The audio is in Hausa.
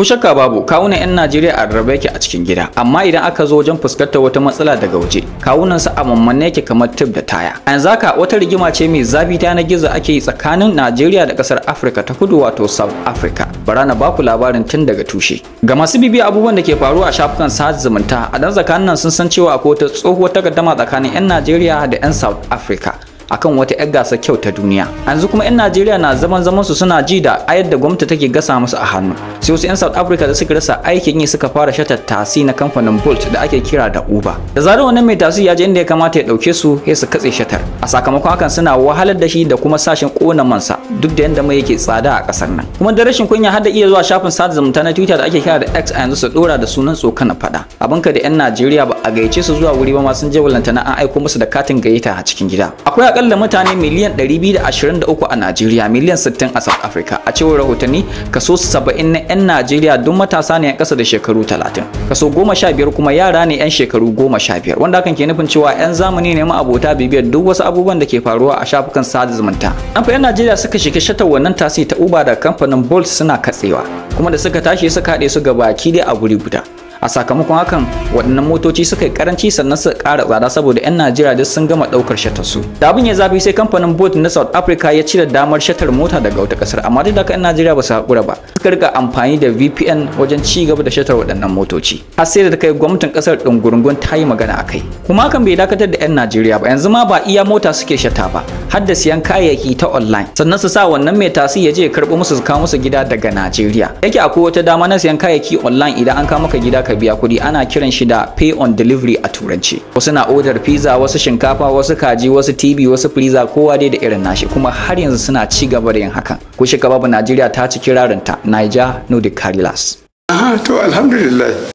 Ko shakka babu kawunan 'yan Najeriya a rarrabe yake a cikin gida, amma idan aka zo wajen fuskantar wata matsala daga waje, kawunan su a mammanne yake kamar tub da taya. A yanzu wata rigima ce mai zafi ta na gizo ake yi tsakanin Najeriya da kasar Afirka ta kudu wato South Africa. Bara na baku labarin tun daga tushe. Ga masu bibiya abubuwan da ke faruwa a shafukan sada zumunta, a dan tsakanin nan sun san cewa akwai wata tsohuwar takaddama tsakanin 'yan Najeriya da 'yan South Africa. akan wata 'yar gasa kyau ta duniya yanzu kuma 'yan najeriya na zaman zaman su suna ji da a yadda gwamnati take gasa musu a hannu sai wasu 'yan south africa da suka rasa aikin yi suka fara shata tasi na kamfanin bolt da ake kira da uber da zarar wannan mai tasi ya je inda ya kamata ya dauke su sai su katse shatar a sakamakon hakan suna wahalar da shi da kuma sashen kona mansa duk da yanda mai yake tsada a kasar nan kuma da rashin kunya har da iya zuwa shafin sada zumunta na twitter da ake kira da x a yanzu su dora da sunan tsokana fada ka da 'yan najeriya ba a gaice su zuwa wuri ba ma sun je wallanta na an aiko musu da katin gayyata a cikin gida akwai akalla mutane miliyan 223 a Najeriya miliyan 60 a South Africa a cewar rahotanni kaso 70 na 'yan Najeriya duk matasa ne 'yan ƙasa da shekaru 30 kaso 15 kuma yara ne 'yan shekaru 15 wanda hakan ke nufin cewa 'yan zamani ne ma'abota bibiyar duk wasu abubuwan da ke faruwa a shafukan sada zumunta an fa 'yan Najeriya suka shiga shatar wannan tasi ta Uber da kamfanin Bolt suna katsewa kuma da suka tashi suka haɗe su gabaki dai a guri guda a sakamakon hakan waɗannan motoci suka yi karanci sannan suka ƙara tsada saboda 'yan najeriya duk sun gama ɗaukar shatar su da abin ya zafi sai kamfanin boat na south africa ya cire damar shatar mota daga wata ƙasar amma duk da haka 'yan najeriya ba su haƙura ba suka riga amfani da vpn wajen ci gaba da shatar waɗannan motoci har sai da ta kai gwamnatin ƙasar ɗungurungun ta yi magana a kai kuma hakan bai dakatar da 'yan najeriya ba yanzu ma ba iya mota suke shata ba har da siyan kayayyaki ta online sannan su sa wannan mai tasi ya je ya karɓo musu su kawo musu gida daga Najeriya yake akwai wata dama na siyan kayayyaki online idan an kawo maka gida ka biya kuɗi ana kiran shi da pay on delivery a turanci wasu na order pizza wasu shinkafa wasu kaji wasu TV wasu freezer kowa dai da irin nashi kuma har yanzu suna ci gaba da yin hakan ko shi babu Najeriya ta ci kirarinta Niger no the Carilas. Aha to alhamdulillah